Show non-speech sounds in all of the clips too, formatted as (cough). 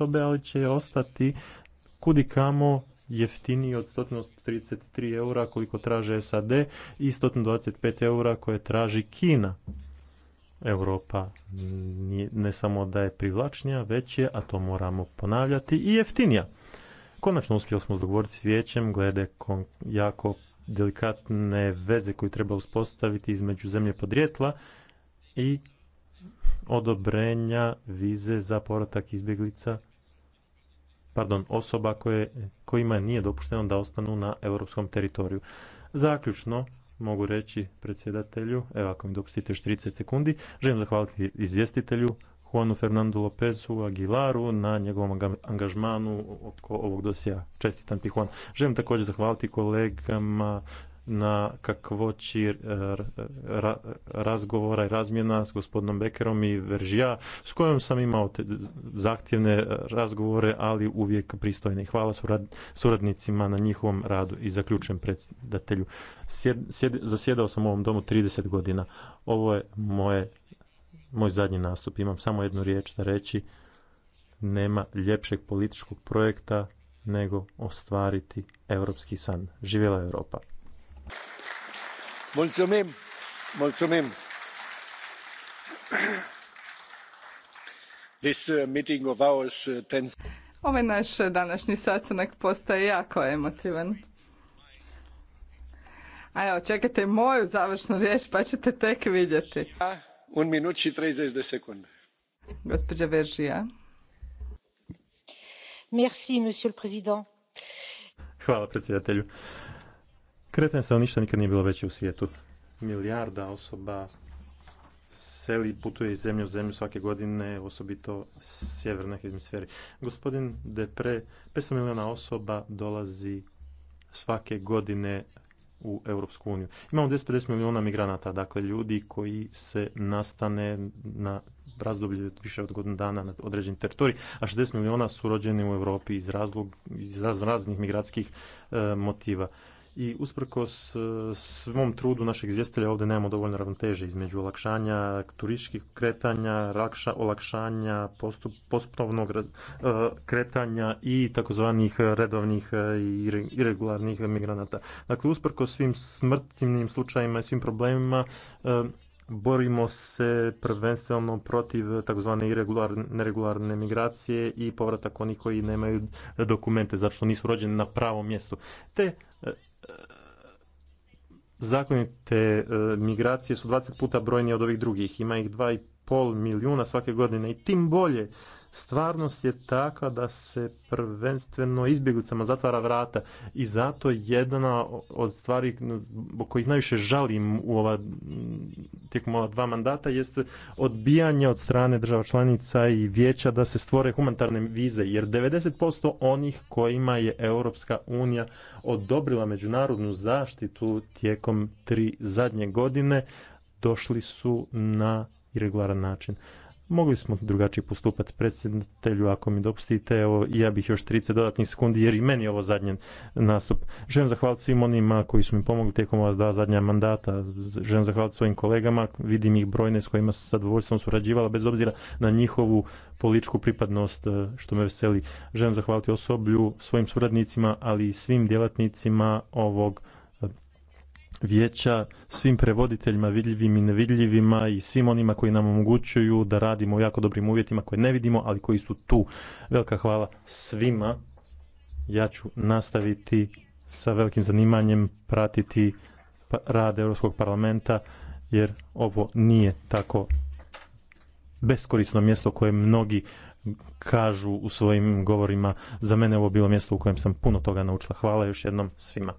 ali će ostati kudi kamo jeftiniji od 133 eura koliko traže SAD i 125 eura koje traži Kina. Europa ne samo da je privlačnija, već je, a to moramo ponavljati, i jeftinija. Konačno uspjeli smo dogovoriti s vijećem glede jako delikatne veze koju treba uspostaviti između zemlje podrijetla i odobrenja vize za povratak izbjeglica pardon, osoba koje, kojima nije dopušteno da ostanu na europskom teritoriju. Zaključno, mogu reći predsjedatelju, evo ako mi dopustite još 30 sekundi, želim zahvaliti izvjestitelju Juanu Fernandu Lopezu Aguilaru na njegovom angažmanu oko ovog dosija. Čestitam ti, Juan. Želim također zahvaliti kolegama na kakvoći eh, razgovora i razmjena s gospodinom Bekerom i Veržija, s kojom sam imao te zahtjevne eh, razgovore, ali uvijek pristojne. Hvala suradnicima na njihovom radu i zaključujem predsjedatelju. zasjedao sam u ovom domu 30 godina. Ovo je moje, moj zadnji nastup. Imam samo jednu riječ da reći. Nema ljepšeg političkog projekta nego ostvariti europski san. Živjela Europa! mulțumim mulțumim. This uh, meeting of ours uh, tends... Ovaj naš današnji sastanak postaje jako emotivan. A evo, čekajte moju završnu riječ pa ćete tek vidjeti. Un minut i 30 sekunde. Gospođa Veržija. Merci, monsieur le président. Hvala predsjedatelju. Kretanje stanovništva nikad nije bilo veće u svijetu. Milijarda osoba seli putuje iz zemlje u zemlju svake godine, osobito sjeverne hemisfere. Gospodin Depre, 500 milijuna osoba dolazi svake godine u Europsku uniju. Imamo 250 milijuna migranata, dakle ljudi koji se nastane na razdoblje više od godinu dana na određeni teritorij, a 60 milijuna su rođeni u Europi iz, razlog, iz raznih migratskih e, motiva i usprkos e, svom trudu našeg izvjestelja ovdje nemamo dovoljno ravnoteže između olakšanja turističkih kretanja, rakša olakšanja postup, postupovnog e, kretanja i takozvanih redovnih e, i irregularnih migranata. Dakle, usprkos svim smrtnim slučajima i svim problemima borimo se prvenstveno protiv takozvane neregularne migracije i povratak onih koji nemaju dokumente zato što nisu rođeni na pravom mjestu. Te zakonite e, migracije su 20 puta brojnije od ovih drugih. Ima ih 2,5 milijuna svake godine i tim bolje Stvarnost je takva da se prvenstveno izbjeglicama zatvara vrata i zato jedna od stvari kojih najviše žalim u ova, tijekom ova dva mandata jest odbijanje od strane država članica i vijeća da se stvore humanitarne vize jer 90% onih kojima je Europska unija odobrila međunarodnu zaštitu tijekom tri zadnje godine došli su na irregularan način. Mogli smo drugačije postupati predsjedatelju, ako mi dopustite, evo, ja bih još 30 dodatnih sekundi, jer i meni je ovo zadnji nastup. Želim zahvaliti svim onima koji su mi pomogli tijekom ova dva zadnja mandata. Želim zahvaliti svojim kolegama, vidim ih brojne s kojima sam zadovoljstvom surađivala, bez obzira na njihovu političku pripadnost, e, što me veseli. Želim zahvaliti osoblju, svojim suradnicima, ali i svim djelatnicima ovog vijeća svim prevoditeljima vidljivim i nevidljivima i svim onima koji nam omogućuju da radimo u jako dobrim uvjetima koje ne vidimo, ali koji su tu. Velika hvala svima. Ja ću nastaviti sa velikim zanimanjem pratiti pa, rad Europskog parlamenta jer ovo nije tako beskorisno mjesto koje mnogi kažu u svojim govorima. Za mene ovo bilo mjesto u kojem sam puno toga naučila. Hvala još jednom svima.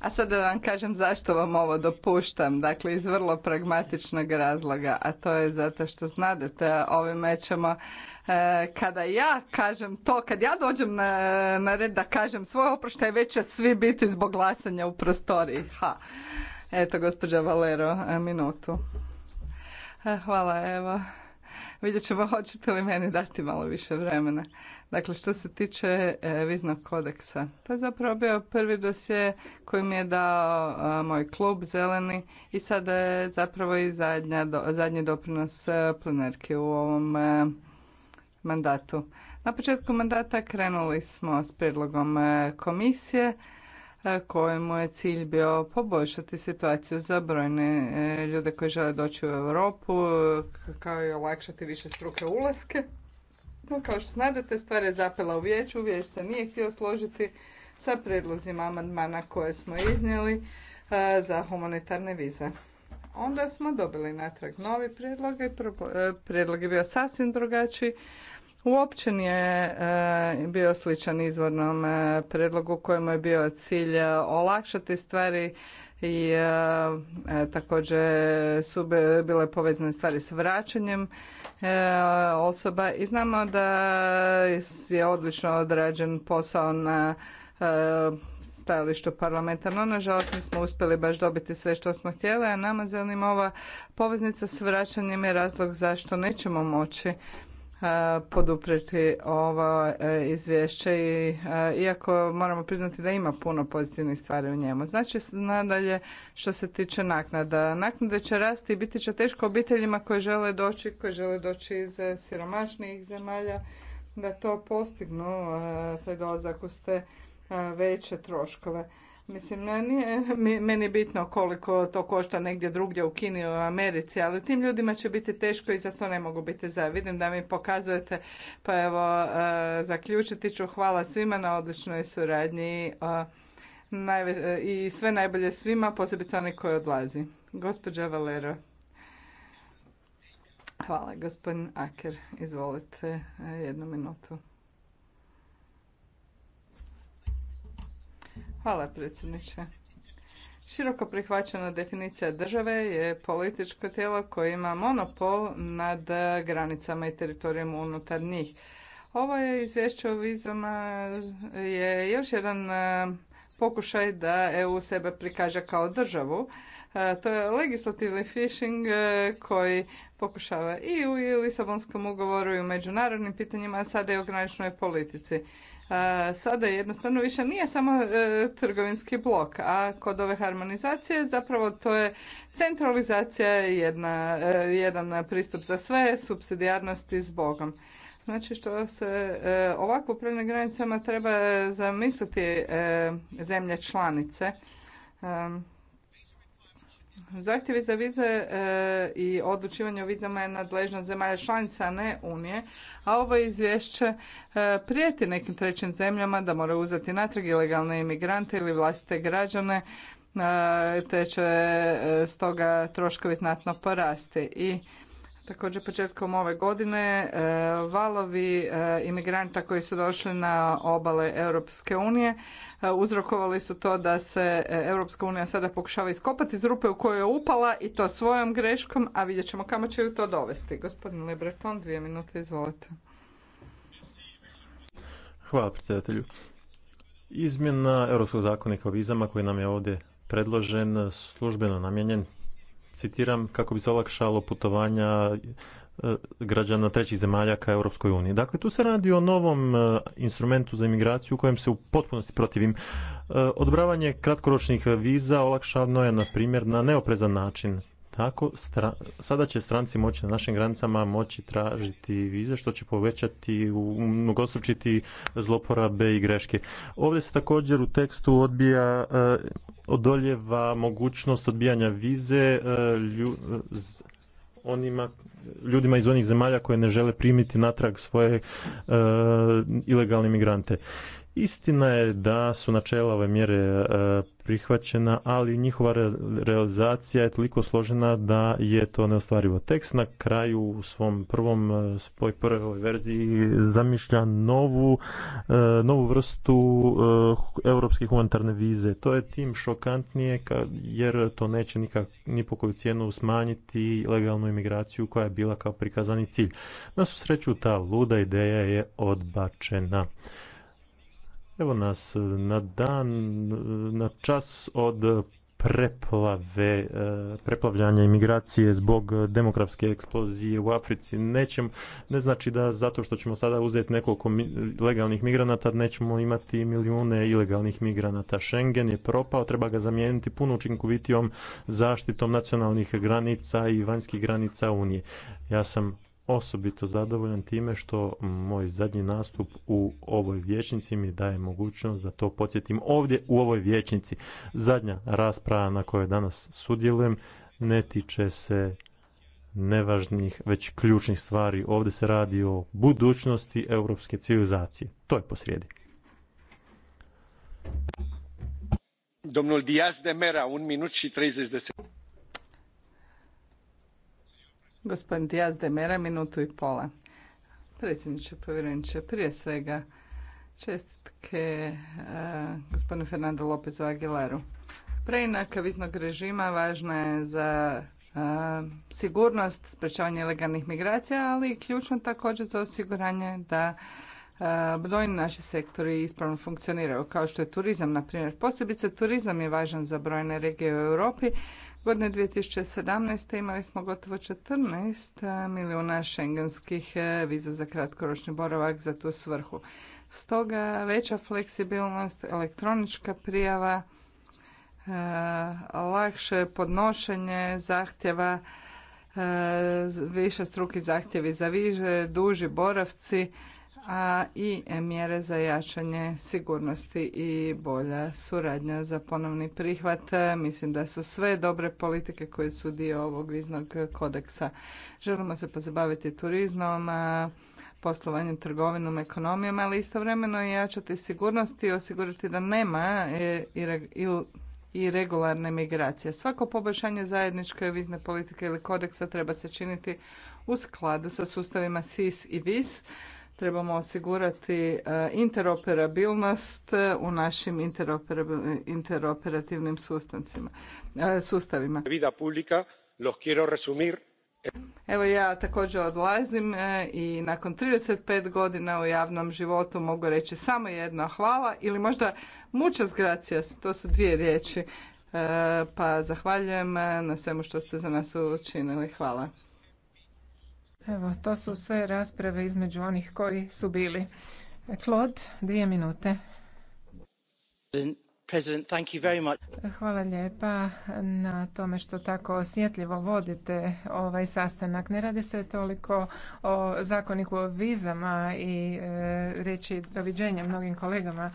A sad da vam kažem zašto vam ovo dopuštam, dakle iz vrlo pragmatičnog razloga, a to je zato što znadete, ovime ćemo, e, kada ja kažem to, kad ja dođem na, red da kažem svoje oproštaje, već će svi biti zbog glasanja u prostoriji. Ha. Eto, gospođa Valero, e, minutu. E, hvala, evo. Vidjet ćemo hoćete li meni dati malo više vremena. Dakle, što se tiče e, viznog kodeksa, to je zapravo bio prvi dosje koji mi je dao e, moj klub Zeleni i sada je zapravo i zadnji doprinos e, plenerke u ovom mandatu. Na početku mandata krenuli smo s predlogom komisije kojemu je cilj bio poboljšati situaciju za brojne e, ljude koji žele doći u Europu, kao i olakšati više struke ulaske. No, kao što znate, stvar je zapela u vijeću, vijeć se nije htio složiti sa predlozima amandmana koje smo iznijeli e, za humanitarne vize. Onda smo dobili natrag novi predlog i predlog e, je bio sasvim drugačiji, uopće nije e, bio sličan izvornom e, predlogu kojemu je bio cilj e, olakšati stvari i također su bile povezane stvari s vraćanjem osoba i znamo da je odlično odrađen posao na stajalištu parlamenta, no nažalost nismo uspjeli baš dobiti sve što smo htjeli, a nama zanima ova poveznica s vraćanjem je razlog zašto nećemo moći E, podupreti ovo e, izvješće i e, iako moramo priznati da ima puno pozitivnih stvari u njemu. Znači nadalje što se tiče naknada. Naknade će rasti i biti će teško obiteljima koje žele doći, koji žele doći iz siromašnijih zemalja da to postignu taj dolazak uz te veće troškove. Mislim, nije meni je bitno koliko to košta negdje drugdje u Kini u Americi, ali tim ljudima će biti teško i za to ne mogu biti za. Vidim da mi pokazujete, pa evo, e, zaključiti ću. Hvala svima na odličnoj suradnji e, e, i sve najbolje svima, posebice oni koji odlazi. Gospođa Valero. Hvala, gospodin Aker. Izvolite, jednu minutu. Hvala predsjedniče. Široko prihvaćena definicija države je političko tijelo koje ima monopol nad granicama i teritorijem unutar njih. Ovo je izvješće o vizama je još jedan e, pokušaj da EU sebe prikaže kao državu. E, to je legislativni fishing e, koji pokušava i u Lisabonskom ugovoru i u međunarodnim pitanjima, a sada i u graničnoj politici sada jednostavno više nije samo e, trgovinski blok, a kod ove harmonizacije zapravo to je centralizacija, jedna, e, jedan pristup za sve, supsidijarnosti s Bogom. Znači što se e, ovako upravnim granicama treba zamisliti zemlje članice Zahtjevi za vize e, i odlučivanje o vizama je nadležnost zemalja članica, a ne Unije, a ovo izvješće e, prijeti nekim trećim zemljama da moraju uzeti natrag ilegalne imigrante ili vlastite građane, e, te će stoga troškovi znatno porasti. I Također početkom ove godine e, valovi e, imigranta koji su došli na obale Europske unije e, uzrokovali su to da se Europska unija sada pokušava iskopati iz rupe u koju je upala i to svojom greškom, a vidjet ćemo kamo će ju to dovesti. Gospodin Libreton, dvije minute, izvolite. Hvala predsjedatelju. Izmjena Europskog zakonika o vizama koji nam je ovdje predložen službeno namjenjen citiram, kako bi se olakšalo putovanja eh, građana trećih zemalja ka Europskoj uniji. Dakle, tu se radi o novom eh, instrumentu za imigraciju u kojem se u potpunosti protivim. Eh, Odbravanje kratkoročnih viza olakšano je, na primjer, na neoprezan način. Tako, sada će stranci moći na našim granicama moći tražiti vize, što će povećati, mnogostručiti zloporabe i greške. Ovdje se također u tekstu odbija odoljeva mogućnost odbijanja vize e, onima ljudima iz onih zemalja koje ne žele primiti natrag svoje e, ilegalne migrante. Istina je da su načela ove mjere e, prihvaćena, ali njihova realizacija je toliko složena da je to neostvarivo. Tekst na kraju u svom prvom e, spoj prvoj verziji zamišlja novu, e, novu vrstu e, europske humanitarne vize. To je tim šokantnije jer to neće nikak, ni po koju cijenu smanjiti legalnu imigraciju koja je bila kao prikazani cilj. Na svu sreću ta luda ideja je odbačena. Evo nas e, na dan, e, na čas od preplave, e, preplavljanja imigracije zbog demografske eksplozije u Africi. Nećem, ne znači da zato što ćemo sada uzeti nekoliko legalnih migranata, nećemo imati milijune ilegalnih migranata. Schengen je propao, treba ga zamijeniti puno učinkovitijom zaštitom nacionalnih granica i vanjskih granica Unije. Ja sam osobito zadovoljan time što moj zadnji nastup u ovoj vječnici mi daje mogućnost da to podsjetim ovdje u ovoj vječnici. Zadnja rasprava na kojoj danas sudjelujem ne tiče se nevažnih, već ključnih stvari. Ovdje se radi o budućnosti europske civilizacije. To je posrijedi. Domnul Diaz de Mera, un minut și 30 de Gospodin Dijaz de Mera, minutu i pola. Predsjedniče, povjereniče, prije svega čestitke e, gospodinu Fernando Lopezu Aguilaru. Preinaka viznog režima važna je za e, sigurnost, sprečavanje ilegalnih migracija, ali i ključno također za osiguranje da brojni e, naši sektori ispravno funkcioniraju, kao što je turizam, na primjer. Posebice turizam je važan za brojne regije u Europi Godine 2017. imali smo gotovo 14 eh, milijuna šengenskih eh, viza za kratkoročni boravak za tu svrhu. Stoga veća fleksibilnost, elektronička prijava, eh, lakše podnošenje zahtjeva, više struki zahtjevi za viže, duži boravci, a i mjere za jačanje sigurnosti i bolja suradnja za ponovni prihvat. Mislim da su sve dobre politike koje su dio ovog viznog kodeksa. Želimo se pozabaviti turizmom, poslovanjem, trgovinom, ekonomijom, ali istovremeno i jačati sigurnost i osigurati da nema e, i regularne migracije. Svako poboljšanje zajedničke vizne politike ili kodeksa treba se činiti u skladu sa sustavima SIS i VIS trebamo osigurati e, interoperabilnost u našim interoperativnim e, sustavima. Evo ja također odlazim e, i nakon 35 godina u javnom životu mogu reći samo jedno hvala ili možda muchas gracias, to su dvije riječi. Pa zahvaljujem na svemu što ste za nas učinili. Hvala. Evo, to su sve rasprave između onih koji su bili. Claude, dvije minute. Hvala lijepa na tome što tako osjetljivo vodite ovaj sastanak. Ne radi se toliko o zakoniku o vizama i e, reći doviđenja mnogim kolegama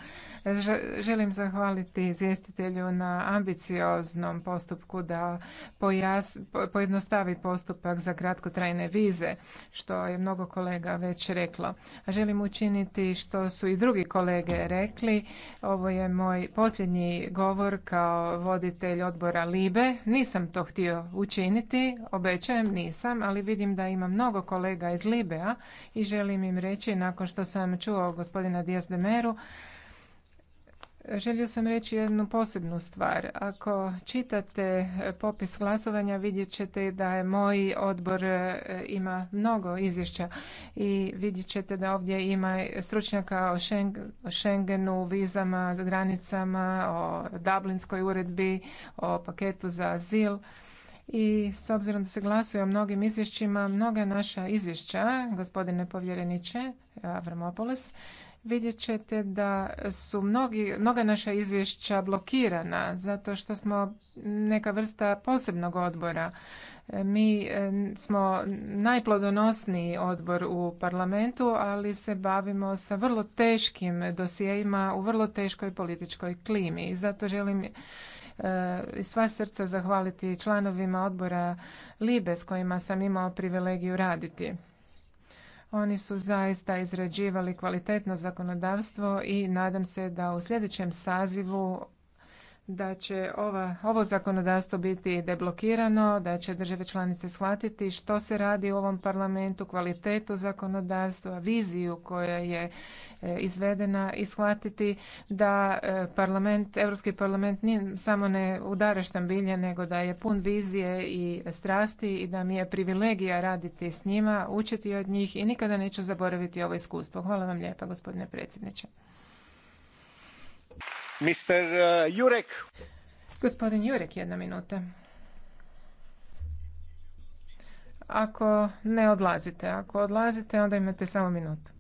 Želim zahvaliti izvjestitelju na ambicioznom postupku da pojas, pojednostavi postupak za kratkotrajne vize, što je mnogo kolega već reklo. A želim učiniti što su i drugi kolege rekli. Ovo je moj posljednji govor kao voditelj odbora Libe. Nisam to htio učiniti, obećajem nisam, ali vidim da ima mnogo kolega iz Libea i želim im reći, nakon što sam čuo gospodina Dias de Meru, Želio sam reći jednu posebnu stvar. Ako čitate popis glasovanja vidjet ćete da je moj odbor e, ima mnogo izvješća i vidjet ćete da ovdje ima stručnjaka o Schengenu, vizama, granicama, o Dublinskoj uredbi, o paketu za azil i s obzirom da se glasuje o mnogim izvješćima, mnoga naša izvješća, gospodine povjereniče Avramopoulos, vidjet ćete da su mnogi, mnoga naša izvješća blokirana zato što smo neka vrsta posebnog odbora. E, mi e, smo najplodonosniji odbor u parlamentu, ali se bavimo sa vrlo teškim dosijejima u vrlo teškoj političkoj klimi. I zato želim e, i sva srca zahvaliti članovima odbora Libe s kojima sam imao privilegiju raditi. Oni su zaista izrađivali kvalitetno zakonodavstvo i nadam se da u sljedećem sazivu da će ova, ovo zakonodavstvo biti deblokirano, da će države članice shvatiti što se radi u ovom parlamentu, kvalitetu zakonodavstva, viziju koja je e, izvedena i shvatiti da e, parlament, Europski parlament nije samo ne udara štambilje, nego da je pun vizije i strasti i da mi je privilegija raditi s njima, učiti od njih i nikada neću zaboraviti ovo iskustvo. Hvala vam lijepa gospodine predsjedniče. Uh, Jurek. Gospodin Jurek, jedna minuta. Ako ne odlazite, ako odlazite, onda imate samo minutu.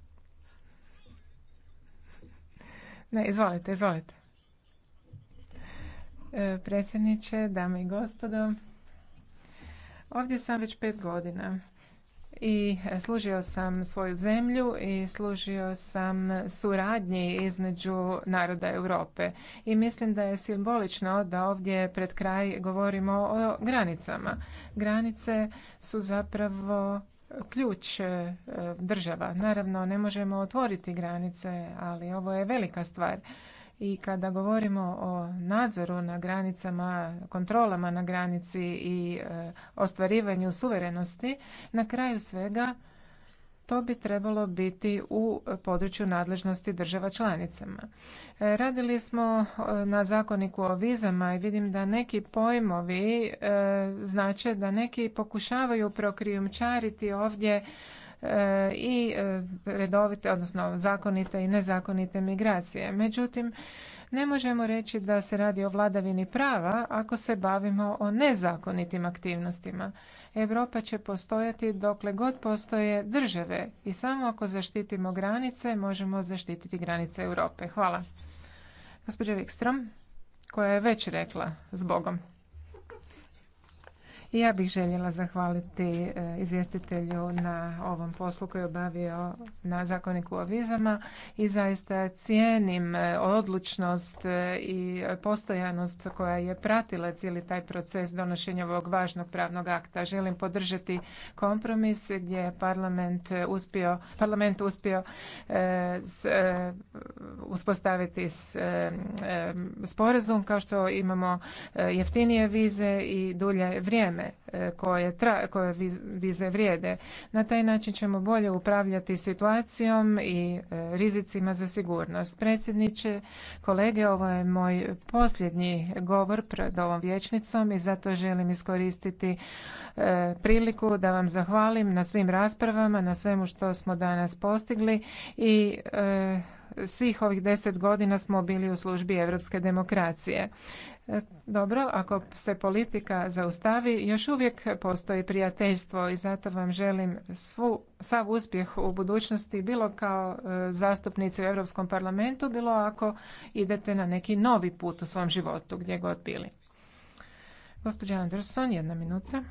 Ne, izvolite, izvolite. E, predsjedniče, dame i gospodo, ovdje sam već pet godina i e, služio sam svoju zemlju i služio sam suradnji između naroda Europe. I mislim da je simbolično da ovdje pred kraj govorimo o granicama. Granice su zapravo ključ e, država. Naravno, ne možemo otvoriti granice, ali ovo je velika stvar i kada govorimo o nadzoru na granicama, kontrolama na granici i e, ostvarivanju suverenosti, na kraju svega to bi trebalo biti u području nadležnosti država članicama. E, radili smo e, na zakoniku o vizama i vidim da neki pojmovi znače da neki pokušavaju prokrijumčariti ovdje E, i e, redovite, odnosno zakonite i nezakonite migracije. Međutim, ne možemo reći da se radi o vladavini prava ako se bavimo o nezakonitim aktivnostima. Europa će postojati dokle god postoje države i samo ako zaštitimo granice možemo zaštititi granice Europe. Hvala. Gospođa Wikstrom, koja je već rekla zbogom. Ja bih željela zahvaliti e, izvjestitelju na ovom poslu koji je obavio na zakoniku o vizama i zaista cijenim e, odlučnost e, i postojanost koja je pratila cijeli taj proces donošenja ovog važnog pravnog akta. Želim podržati kompromis gdje je parlament uspio, parlament uspio uspostaviti sporazum kao što imamo jeftinije vize i dulje vrijeme E, koje, koje vize vrijede. Na taj način ćemo bolje upravljati situacijom i e, rizicima za sigurnost. Predsjedniče, kolege, ovo je moj posljednji govor pred ovom vječnicom i zato želim iskoristiti e, priliku da vam zahvalim na svim raspravama, na svemu što smo danas postigli i svih ovih deset godina smo bili u službi europske demokracije. E, dobro, ako se politika zaustavi, još uvijek postoji prijateljstvo i zato vam želim svu, sav uspjeh u budućnosti, bilo kao e, zastupnici u Europskom parlamentu, bilo ako idete na neki novi put u svom životu, gdje god bili. Gospođa Anderson, jedna minuta.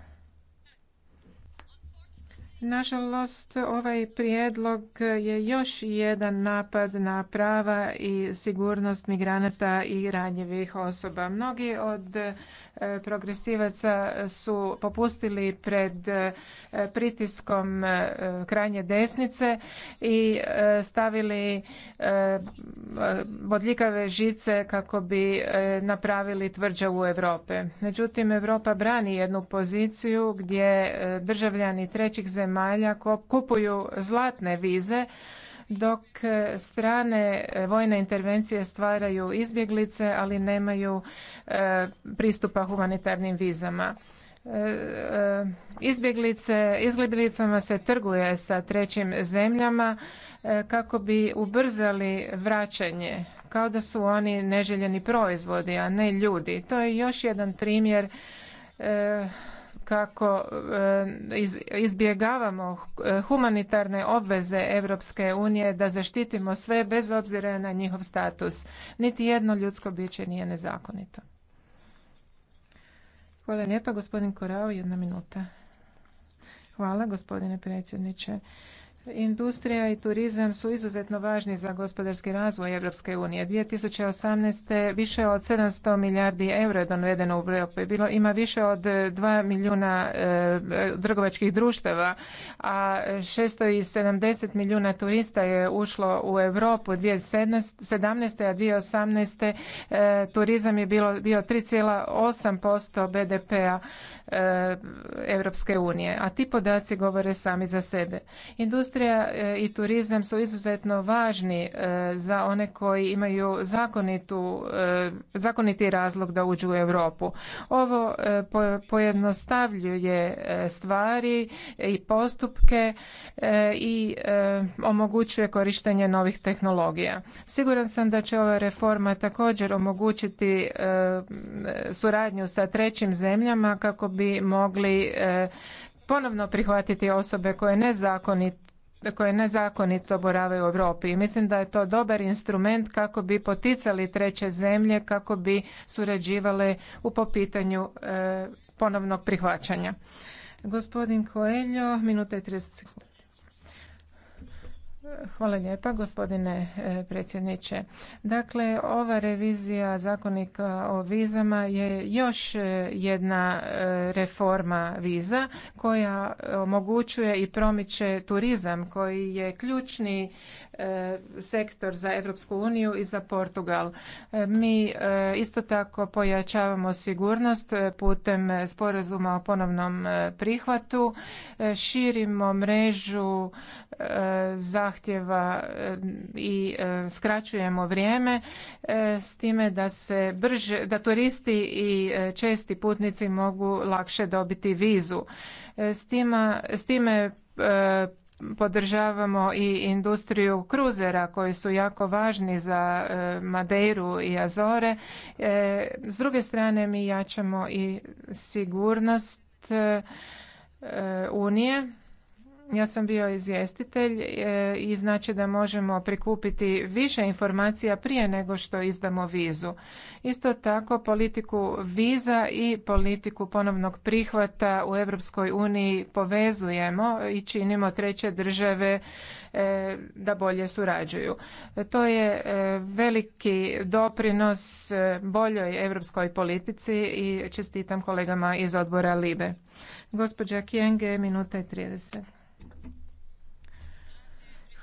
Nažalost, ovaj prijedlog je još jedan napad na prava i sigurnost migranata i ranjivih osoba. Mnogi od progresivaca su popustili pred e, pritiskom e, krajnje desnice i e, stavili bodljikave žice kako bi napravili tvrđavu Europe. Međutim, Europa brani jednu poziciju gdje državljani trećih zemalja kupuju zlatne vize dok e, strane e, vojne intervencije stvaraju izbjeglice, ali nemaju e, pristupa humanitarnim vizama izbjeglice, izbjeglicama se trguje sa trećim zemljama kako bi ubrzali vraćanje kao da su oni neželjeni proizvodi, a ne ljudi. To je još jedan primjer kako izbjegavamo eh, humanitarne obveze Europske unije da zaštitimo sve bez obzira na njihov status. Niti jedno ljudsko biće nije nezakonito. Hvala lijepa, gospodin Korao, jedna minuta. Hvala, gospodine predsjedniče. Industrija i turizam su izuzetno važni za gospodarski razvoj Europske unije. 2018. više od 700 milijardi eura je donedeno u Europi. Bilo ima više od 2 milijuna eh, trgovačkih društava, a 670 milijuna turista je ušlo u Europu 2017. a 2018. E, eh, turizam je bilo, bio 3,8% BDP-a e, eh, Europske unije. A ti podaci govore sami za sebe. Industrija E, i turizam su izuzetno važni e, za one koji imaju zakonitu, e, zakoniti razlog da uđu u Europu. Ovo pojednostavljuje stvari i postupke i omogućuje korištenje novih tehnologija. Siguran sam da će ova reforma također omogućiti suradnju sa trećim zemljama kako bi mogli ponovno prihvatiti osobe koje nezakonito koje nezakonito borave u Europi. I mislim da je to dobar instrument kako bi poticali treće zemlje, kako bi surađivale u po pitanju e, ponovnog prihvaćanja. Gospodin Koeljo, minuta i 30 Hvala lijepa gospodine e, predsjedniče. Dakle, ova revizija zakonika o vizama je još e, jedna e, reforma viza koja omogućuje i promiče turizam koji je ključni E, sektor za Europsku uniju i za Portugal. E, mi e, isto tako pojačavamo sigurnost putem sporazuma o ponovnom prihvatu, širimo mrežu zahtjeva i skraćujemo vrijeme s time da se brže, da turisti i česti putnici mogu lakše dobiti vizu. S time, s time podržavamo i industriju kruzera koji su jako važni za e, Madeiru i Azore. E, s druge strane mi jačamo i sigurnost e, Unije ja sam bio izvjestitelj e, i znači da možemo prikupiti više informacija prije nego što izdamo vizu. Isto tako politiku viza i politiku ponovnog prihvata u Europskoj uniji povezujemo i činimo treće države e, da bolje surađuju. To je e, veliki doprinos boljoj europskoj politici i čestitam kolegama iz odbora Libe. Gospođa Kjenge, minuta i 30.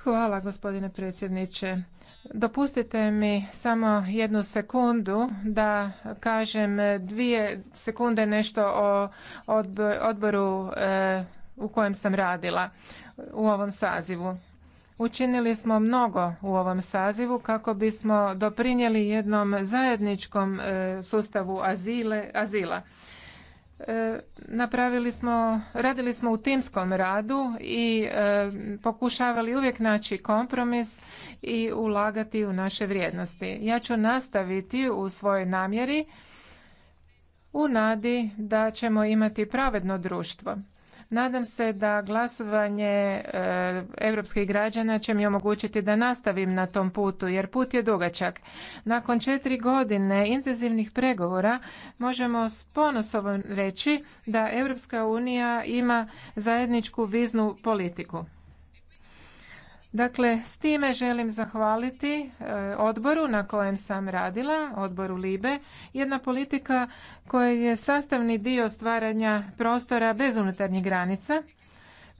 Hvala gospodine predsjedniče. Dopustite mi samo jednu sekundu da kažem dvije sekunde nešto o odboru e, u kojem sam radila u ovom sazivu. Učinili smo mnogo u ovom sazivu kako bismo doprinijeli jednom zajedničkom e, sustavu azile, azila. E, napravili smo, radili smo u timskom radu i e, pokušavali uvijek naći kompromis i ulagati u naše vrijednosti. Ja ću nastaviti u svojoj namjeri u nadi da ćemo imati pravedno društvo. Nadam se da glasovanje europskih građana će mi omogućiti da nastavim na tom putu, jer put je dugačak. Nakon četiri godine intenzivnih pregovora možemo s ponosom reći da Europska unija ima zajedničku viznu politiku. Dakle, s time želim zahvaliti e, odboru na kojem sam radila, odboru LIBE, jedna politika koja je sastavni dio stvaranja prostora bez unutarnjih granica,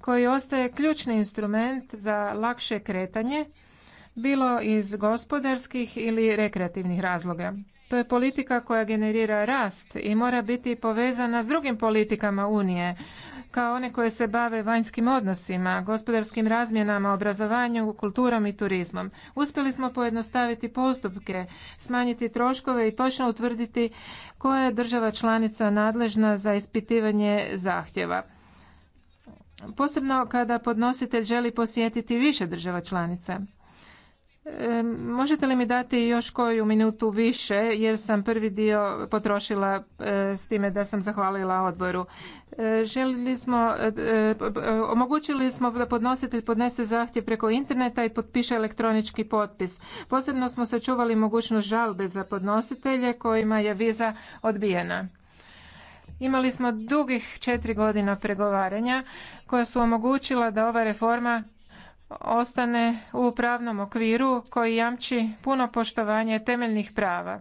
koji ostaje ključni instrument za lakše kretanje, bilo iz gospodarskih ili rekreativnih razloga. To je politika koja generira rast i mora biti povezana s drugim politikama Unije, kao one koje se bave vanjskim odnosima, gospodarskim razmjenama, obrazovanju, kulturom i turizmom. Uspjeli smo pojednostaviti postupke, smanjiti troškove i točno utvrditi koja je država članica nadležna za ispitivanje zahtjeva. Posebno kada podnositelj želi posjetiti više država članica. Možete li mi dati još koju minutu više jer sam prvi dio potrošila e, s time da sam zahvalila odboru. E, Želili smo, e, omogućili smo da podnositelj podnese zahtjev preko interneta i potpiše elektronički potpis. Posebno smo sačuvali mogućnost žalbe za podnositelje kojima je viza odbijena. Imali smo dugih četiri godina pregovaranja koja su omogućila da ova reforma ostane u pravnom okviru koji jamči puno poštovanje temeljnih prava.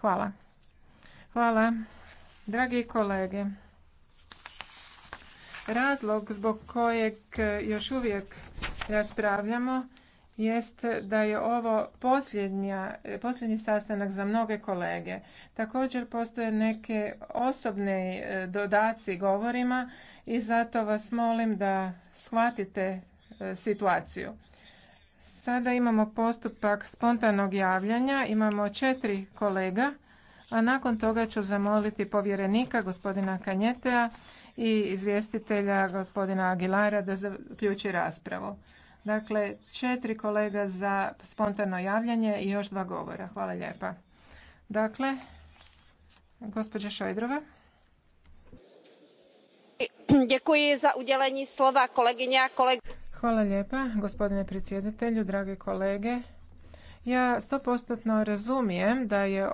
Hvala. Hvala. Dragi kolege, razlog zbog kojeg još uvijek raspravljamo jest da je ovo posljednji sastanak za mnoge kolege. Također postoje neke osobne e, dodaci govorima i zato vas molim da shvatite E, situaciju. Sada imamo postupak spontanog javljanja. Imamo četiri kolega, a nakon toga ću zamoliti povjerenika gospodina Kanjetea i izvjestitelja gospodina Aguilara da zaključi raspravu. Dakle, četiri kolega za spontano javljanje i još dva govora. Hvala lijepa. Dakle, gospođa Šojdrova. Děkuji za udělení slova kolegyně a Hvala lijepa, gospodine predsjedatelju, drage kolege. Ja stopostotno razumijem da je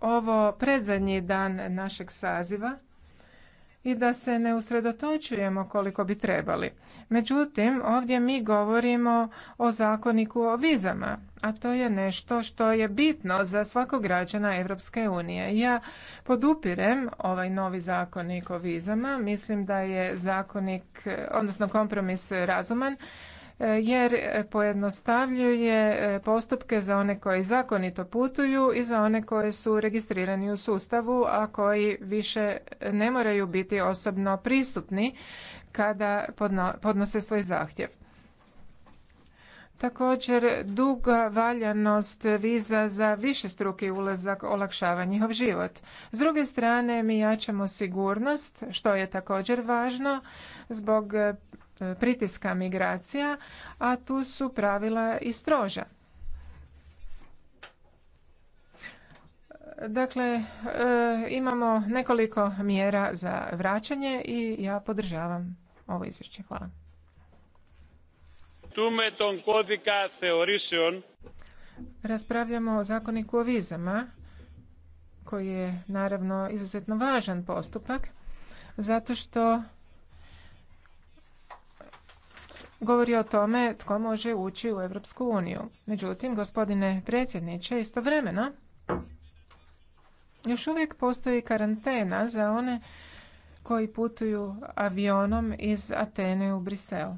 ovo predzadnji dan našeg saziva i da se ne usredotočujemo koliko bi trebali. Međutim, ovdje mi govorimo o zakoniku o vizama, a to je nešto što je bitno za svakog građana Europske unije. Ja podupirem ovaj novi zakonik o vizama, mislim da je zakonik, odnosno kompromis razuman, jer pojednostavljuje e, postupke za one koji zakonito putuju i za one koji su registrirani u sustavu, a koji više ne moraju biti osobno prisutni kada podnose svoj zahtjev. Također, duga valjanost viza za višestruki ulazak olakšava njihov život. S druge strane, mi jačamo sigurnost, što je također važno zbog E, pritiska migracija, a tu su pravila i stroža. Dakle, e, imamo nekoliko mjera za vraćanje i ja podržavam ovo izvješće. Hvala. Raspravljamo o zakoniku o vizama, koji je naravno izuzetno važan postupak, zato što govori o tome tko može ući u Europsku uniju. Međutim, gospodine predsjedniče, istovremeno još uvijek postoji karantena za one koji putuju avionom iz Atene u Brisel.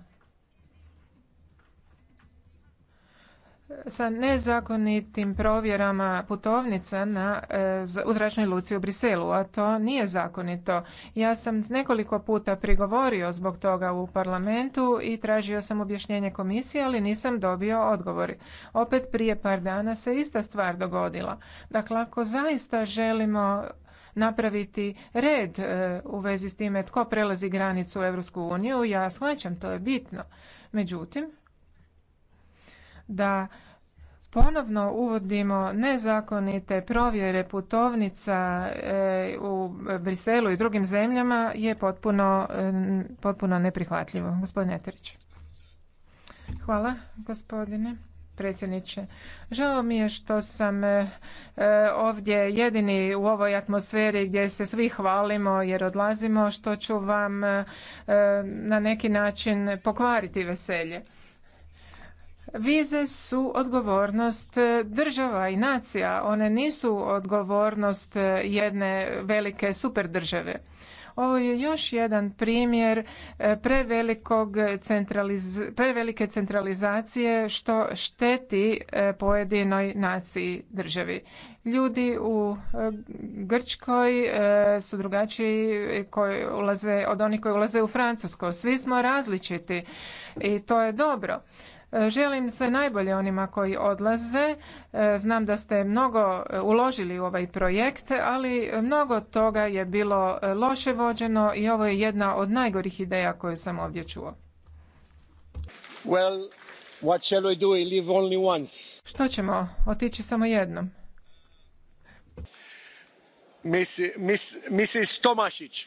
sa nezakonitim provjerama putovnica na e, u zračnoj luci u Briselu, a to nije zakonito. Ja sam nekoliko puta prigovorio zbog toga u parlamentu i tražio sam objašnjenje komisije, ali nisam dobio odgovori. Opet prije par dana se ista stvar dogodila. Dakle, ako zaista želimo napraviti red e, u vezi s time tko prelazi granicu u Europsku uniju, ja shvaćam, to je bitno. Međutim, da ponovno uvodimo nezakonite provjere putovnica e, u Briselu i drugim zemljama je potpuno, e, potpuno neprihvatljivo. gospodine Eterić. Hvala, gospodine predsjedniče. Žao mi je što sam e, ovdje jedini u ovoj atmosferi gdje se svi hvalimo jer odlazimo, što ću vam na neki način pokvariti veselje. Vize su odgovornost e, država i nacija, one nisu odgovornost e, jedne velike superdržave. Ovo je još jedan primjer e, prevelikog prevelike centralizacije što šteti pojedinoj naciji državi. Ljudi u Grčkoj su drugačiji koji ulaze, od onih koji ulaze u Francusko. Svi smo različiti i to je dobro. Želim sve najbolje onima koji odlaze. E, znam da ste mnogo e, uložili u ovaj projekt, ali mnogo toga je bilo e, loše vođeno i ovo je jedna od najgorih ideja koju sam ovdje čuo. Što ćemo? Otići samo jednom. Mrs. Tomašić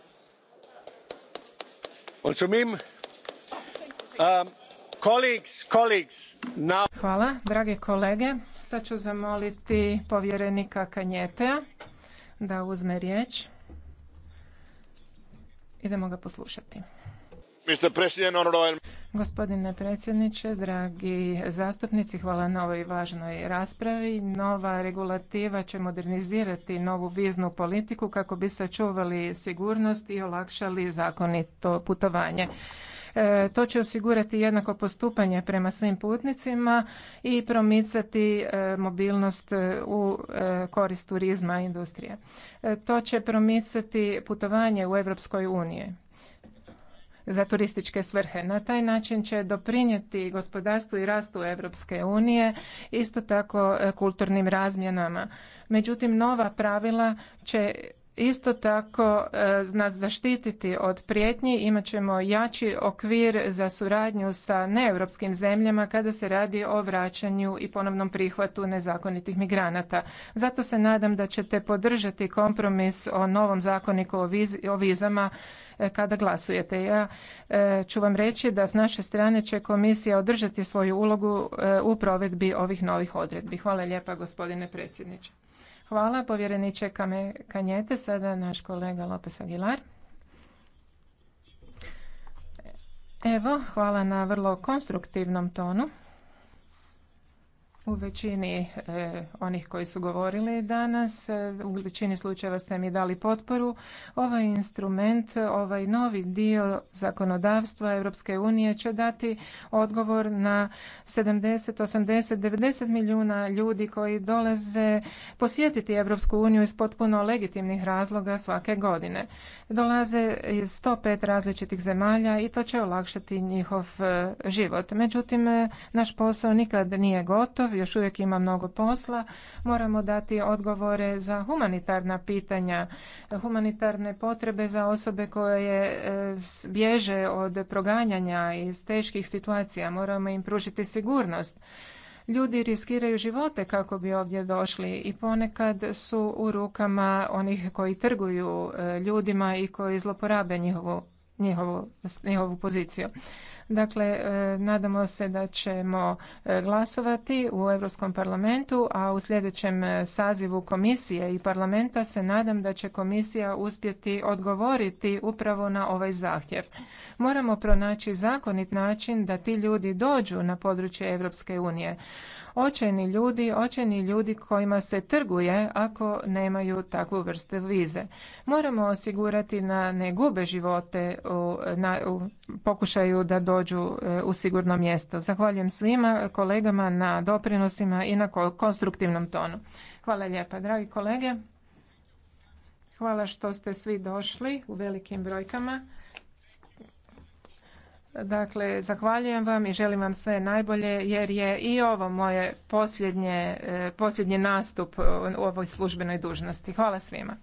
Um, Hvala, drage kolege. Sad ću zamoliti povjerenika Kanjetea da uzme riječ. Idemo ga poslušati. Gospodine predsjedniče, dragi zastupnici, hvala na ovoj važnoj raspravi. Nova regulativa će modernizirati novu viznu politiku kako bi sačuvali sigurnost i olakšali zakonito putovanje. E, to će osigurati jednako postupanje prema svim putnicima i promicati e, mobilnost e, u korist turizma i industrije. To će promicati putovanje u Europskoj uniji za turističke svrhe. Na taj način će doprinijeti gospodarstvu i rastu Europske unije, isto tako e, kulturnim razmjenama. Međutim, nova pravila će isto tako e, nas zaštititi od prijetnji, imat ćemo jači okvir za suradnju sa neeuropskim zemljama kada se radi o vraćanju i ponovnom prihvatu nezakonitih migranata. Zato se nadam da ćete podržati kompromis o novom zakoniku o, o vizama e, kada glasujete. Ja e, ću vam reći da s naše strane će komisija održati svoju ulogu u provedbi ovih novih odredbi. Hvala lijepa gospodine predsjedniče. Hvala povjereniče Kanjete. Sada naš kolega Lopes Aguilar. Evo, hvala na vrlo konstruktivnom tonu. U većini e, onih koji su govorili danas, e, u većini slučajeva ste mi dali potporu. Ovaj instrument, ovaj novi dio zakonodavstva Europske unije će dati odgovor na 70, 80, 90 milijuna ljudi koji dolaze posjetiti Europsku uniju iz potpuno legitimnih razloga svake godine. Dolaze iz 105 različitih zemalja i to će olakšati njihov e, život. Međutim, naš posao nikad nije gotov još uvijek ima mnogo posla. Moramo dati odgovore za humanitarna pitanja, humanitarne potrebe za osobe koje e, bježe od proganjanja iz teških situacija. Moramo im pružiti sigurnost. Ljudi riskiraju živote kako bi ovdje došli i ponekad su u rukama onih koji trguju e, ljudima i koji zloporabe njihovu njihovu, poziciju. Dakle, e, nadamo se da ćemo e, glasovati u Europskom parlamentu, a u sljedećem e, sazivu komisije i parlamenta se nadam da će komisija uspjeti odgovoriti upravo na ovaj zahtjev. Moramo pronaći zakonit način da ti ljudi dođu na područje Europske unije očajni ljudi, očajni ljudi kojima se trguje ako nemaju takvu vrstu vize. Moramo osigurati da ne gube živote u, na, pokušaju da dođu e, u sigurno mjesto. Zahvaljujem svima kolegama na doprinosima i na konstruktivnom tonu. Hvala lijepa, dragi kolege. Hvala što ste svi došli u velikim brojkama. Dakle, zahvaljujem vam i želim vam sve najbolje jer je i ovo moje posljednje, e, posljednji nastup u ovoj službenoj dužnosti. Hvala svima.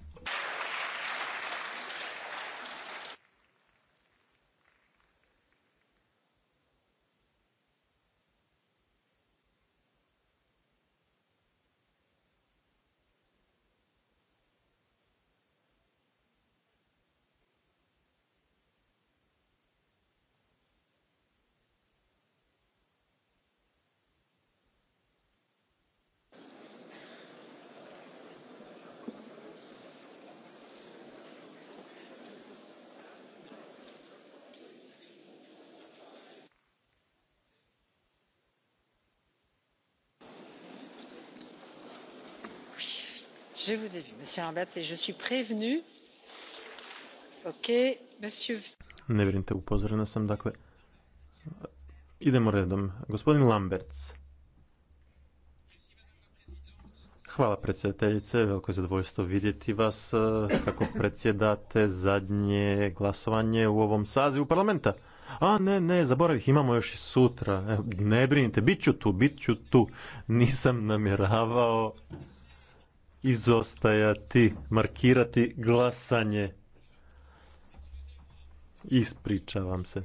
je vous ai Ne brinite, upozorena sam, dakle. Idemo redom. Gospodin Lamberts. Hvala predsjedateljice, veliko je zadovoljstvo vidjeti vas eh, kako predsjedate zadnje glasovanje u ovom sazivu parlamenta. A ne, ne, zaboravih, imamo još i sutra. Ne brinite, bit ću tu, bit ću tu. Nisam namjeravao izostajati, markirati glasanje. Ispričavam se.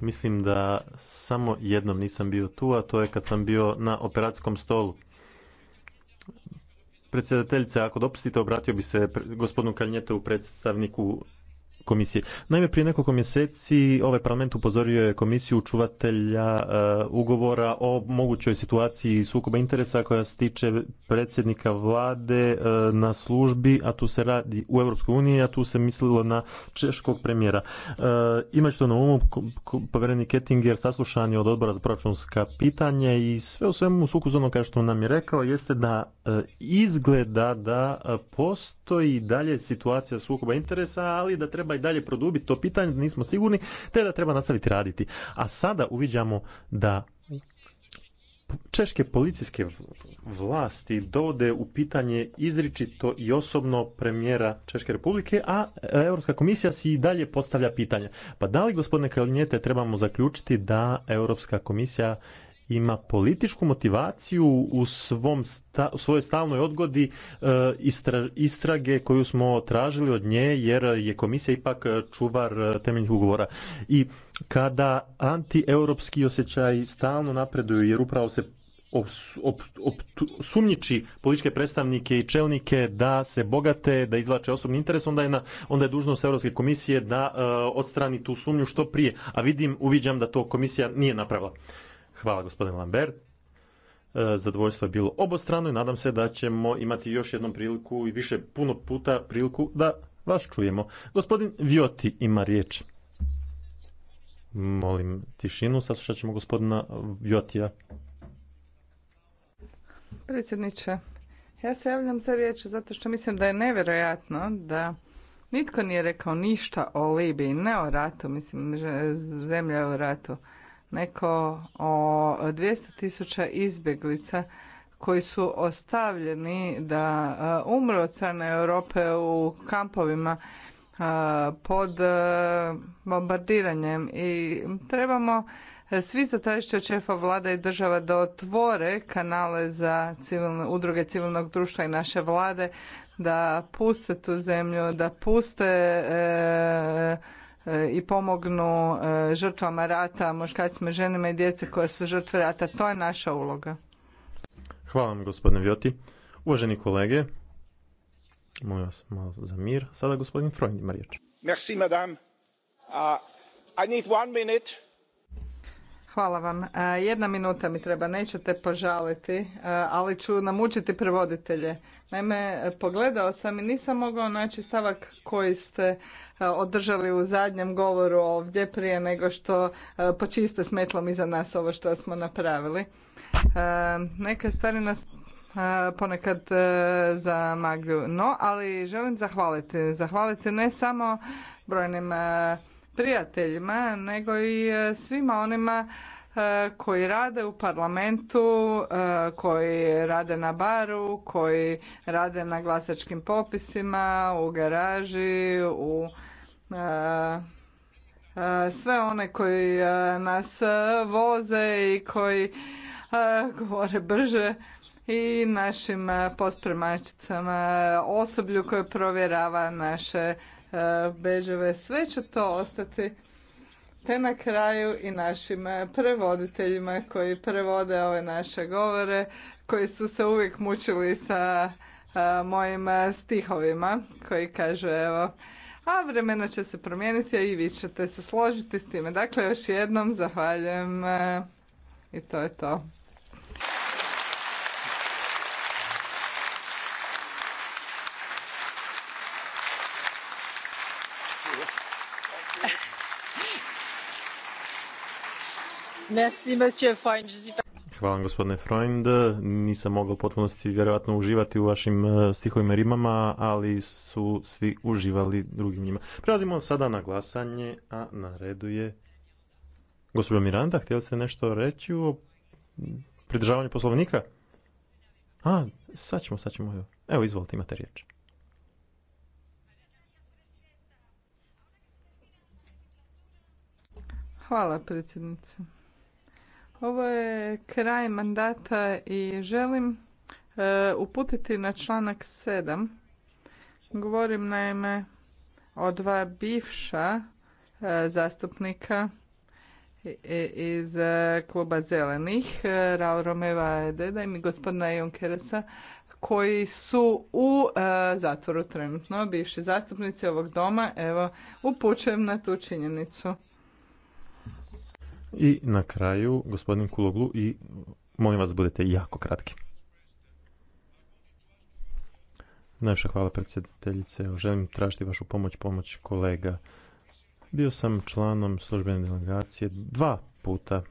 Mislim da samo jednom nisam bio tu, a to je kad sam bio na operacijskom stolu. Predsjedateljice, ako dopustite, obratio bi se gospodinu Kaljnjetovu predstavniku komisije. Naime, prije nekoliko mjeseci ovaj parlament upozorio je komisiju čuvatelja eh, ugovora o mogućoj situaciji sukoba interesa koja se tiče predsjednika vlade eh, na službi, a tu se radi u Europskoj uniji, a tu se mislilo na češkog premijera. E, to na umu, povjerenik Kettinger saslušan je od odbora za proračunska pitanja i sve u svemu sukus kao što nam je rekao jeste da izgleda da post postoji i dalje situacija sukoba interesa, ali da treba i dalje produbiti to pitanje, da nismo sigurni, te da treba nastaviti raditi. A sada uviđamo da češke policijske vlasti dovode u pitanje izričito i osobno premijera Češke republike, a Europska komisija si i dalje postavlja pitanja. Pa da li, gospodine Kalinjete, trebamo zaključiti da Europska komisija ima političku motivaciju u, svom svojoj stalnoj odgodi e, istrage koju smo tražili od nje jer je komisija ipak čuvar e, temeljnih ugovora. I kada antieuropski osjećaj stalno napreduju jer upravo se sumnjiči političke predstavnike i čelnike da se bogate, da izvlače osobni interes, onda je, na, onda je dužnost Europske komisije da e, odstrani tu sumnju što prije, a vidim, uviđam da to komisija nije napravila. Hvala gospodine Lambert. E, zadovoljstvo je bilo obostrano i nadam se da ćemo imati još jednom priliku i više puno puta priliku da vas čujemo. Gospodin Vioti ima riječ. Molim tišinu, saslušat ćemo gospodina Vjotija. Predsjedniče, ja se javljam za riječ zato što mislim da je nevjerojatno da nitko nije rekao ništa o Libiji, ne o ratu, mislim zemlja je o ratu neko o 200.000 tisuća izbjeglica koji su ostavljeni da e, umru od crne Europe u kampovima e, pod e, bombardiranjem i trebamo svi zatražiti od šefa vlada i država da otvore kanale za civilne, udruge civilnog društva i naše vlade da puste tu zemlju, da puste E, i pomognu e, žrtvama rata, muškarcima, ženama i djece koja su žrtve rata. To je naša uloga. Hvala vam, gospodine Vjoti. Uvaženi kolege, molim vas malo za mir. Sada gospodin Freund ima riječ. Merci, madame. Uh, I need one minute Hvala vam. E, jedna minuta mi treba, nećete požaliti, e, ali ću namučiti prevoditelje. Naime, pogledao sam i nisam mogao naći stavak koji ste e, održali u zadnjem govoru ovdje prije nego što počiste smetlom iza nas ovo što smo napravili. Neke stvari nas ponekad za magiju. No, ali želim zahvaliti. Zahvaliti ne samo brojnim prijateljima, nego i e, svima onima e, koji rade u parlamentu, e, koji rade na baru, koji rade na glasačkim popisima, u garaži, u sve one koji nas voze i koji govore brže i našim pospremačicama, osoblju koje provjerava naše Beđeve, sve će to ostati te na kraju i našim prevoditeljima koji prevode ove naše govore, koji su se uvijek mučili sa mojim stihovima koji kažu evo a vremena će se promijeniti a i vi ćete se složiti s time. Dakle, još jednom zahvaljujem i to je to. Hvala vam, gospodine Freund. Nisam mogao potpunosti vjerojatno uživati u vašim e, stihovima rimama, ali su svi uživali drugim njima. Prelazimo sada na glasanje, a na redu je... Gospodin Miranda, htjeli ste nešto reći o pridržavanju poslovnika? A, sad ćemo, sad ćemo. Evo, izvolite, imate riječ. Hvala, predsjednice. Ovo je kraj mandata i želim e, uputiti na članak 7. Govorim naime o dva bivša e, zastupnika iz e, kluba zelenih, Raul Romeva Ededa i gospodina Junkeresa, koji su u zatvoru trenutno, bivši zastupnici ovog doma, evo, upućujem na tu činjenicu. I na kraju, gospodin Kuloglu, i molim vas da budete jako kratki. Najviše hvala predsjedateljice. Želim tražiti vašu pomoć, pomoć kolega. Bio sam članom službene delegacije dva puta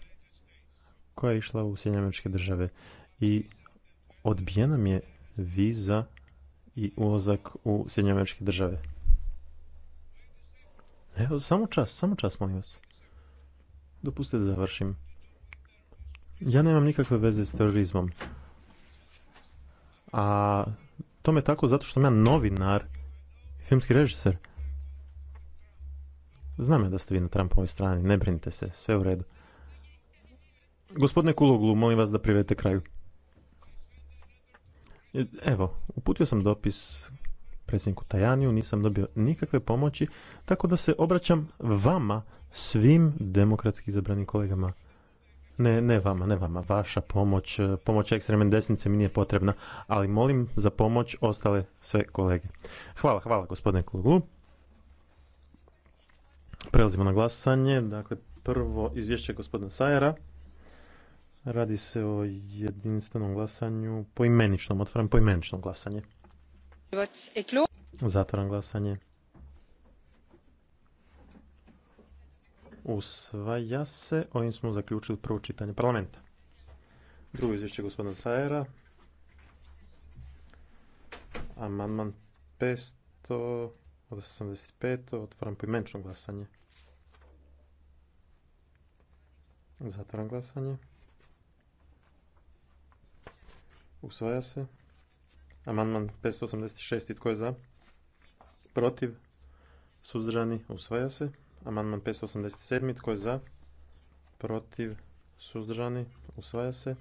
koja je išla u Sjedinjene države i odbijena mi je viza i ulazak u Sjedinjene države. Evo, samo čas, samo čas, molim vas. Dopustite da završim. Ja nemam nikakve veze s terorizmom. A to me tako zato što sam ja novinar, filmski režiser. Znam ja da ste vi na Trumpovoj strani, ne brinite se, sve u redu. Gospodine Kuloglu, molim vas da privedete kraju. Evo, uputio sam dopis predsjedniku Tajaniju, nisam dobio nikakve pomoći, tako da se obraćam vama, svim demokratski izabranim kolegama. Ne, ne vama, ne vama, vaša pomoć, eh, pomoć ekstremne desnice mi nije potrebna, ali molim za pomoć ostale sve kolege. Hvala, hvala gospodine Kuglu. Prelazimo na glasanje, dakle prvo izvješće gospodina Sajera. Radi se o jedinstvenom glasanju, poimeničnom, otvaram poimenično glasanje. Zatvaram glasanje. Usvaja se. Ovim smo zaključili prvo čitanje parlamenta. Drugo izvješće gospodina Sajera. Amandman 585. Otvaram poimenično glasanje. Zatvaram glasanje. Usvaja se. Amandman 586. Tko je za? Protiv? Suzdržani? Usvaja se. Amandman 587. Tko je za? Protiv? Suzdržani? Usvaja se.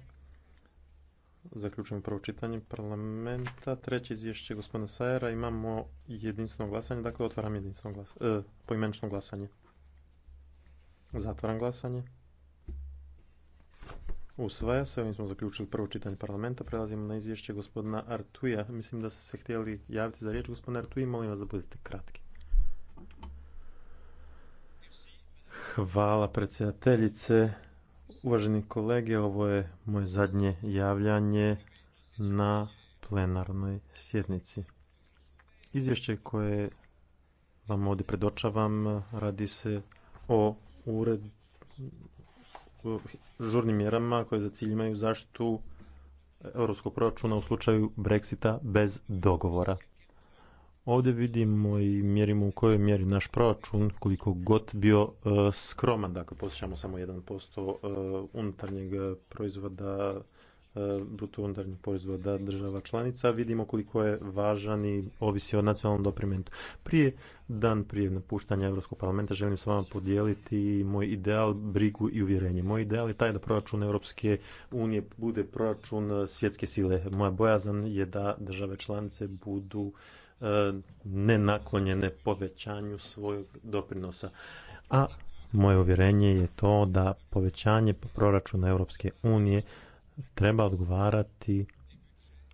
Zaključujemo prvo čitanje parlamenta. Treće izvješće gospodina Sajera. Imamo jedinstveno glasanje. Dakle, otvaram jedinstveno glasanje. poimenično glasanje. Zatvaram glasanje. Usvaja se, ovim smo zaključili prvo čitanje parlamenta. Prelazimo na izvješće gospodina Artuja. Mislim da ste se htjeli javiti za riječ. gospodina Artuji, molim vas da budete kratki. Hvala predsjedateljice. Uvaženi kolege, ovo je moje zadnje javljanje na plenarnoj sjednici. Izvješće koje vam ovdje predočavam radi se o uredu žurnim mjerama koje za cilj imaju zaštitu europskog proračuna u slučaju Brexita bez dogovora. Ovdje vidimo i mjerimo u kojoj mjeri naš proračun, koliko god bio e, skroman, dakle posjećamo samo 1% e, unutarnjeg proizvoda E, bruto unutarnjih proizvoda država članica, vidimo koliko je važan i ovisi o nacionalnom doprimentu. Prije, dan prije napuštanja Europskog parlamenta želim s vama podijeliti moj ideal, brigu i uvjerenje. Moj ideal je taj da proračun Europske unije bude proračun svjetske sile. Moja bojazan je da države članice budu e, nenaklonjene povećanju svojeg doprinosa. A moje uvjerenje je to da povećanje proračuna Europske unije treba odgovarati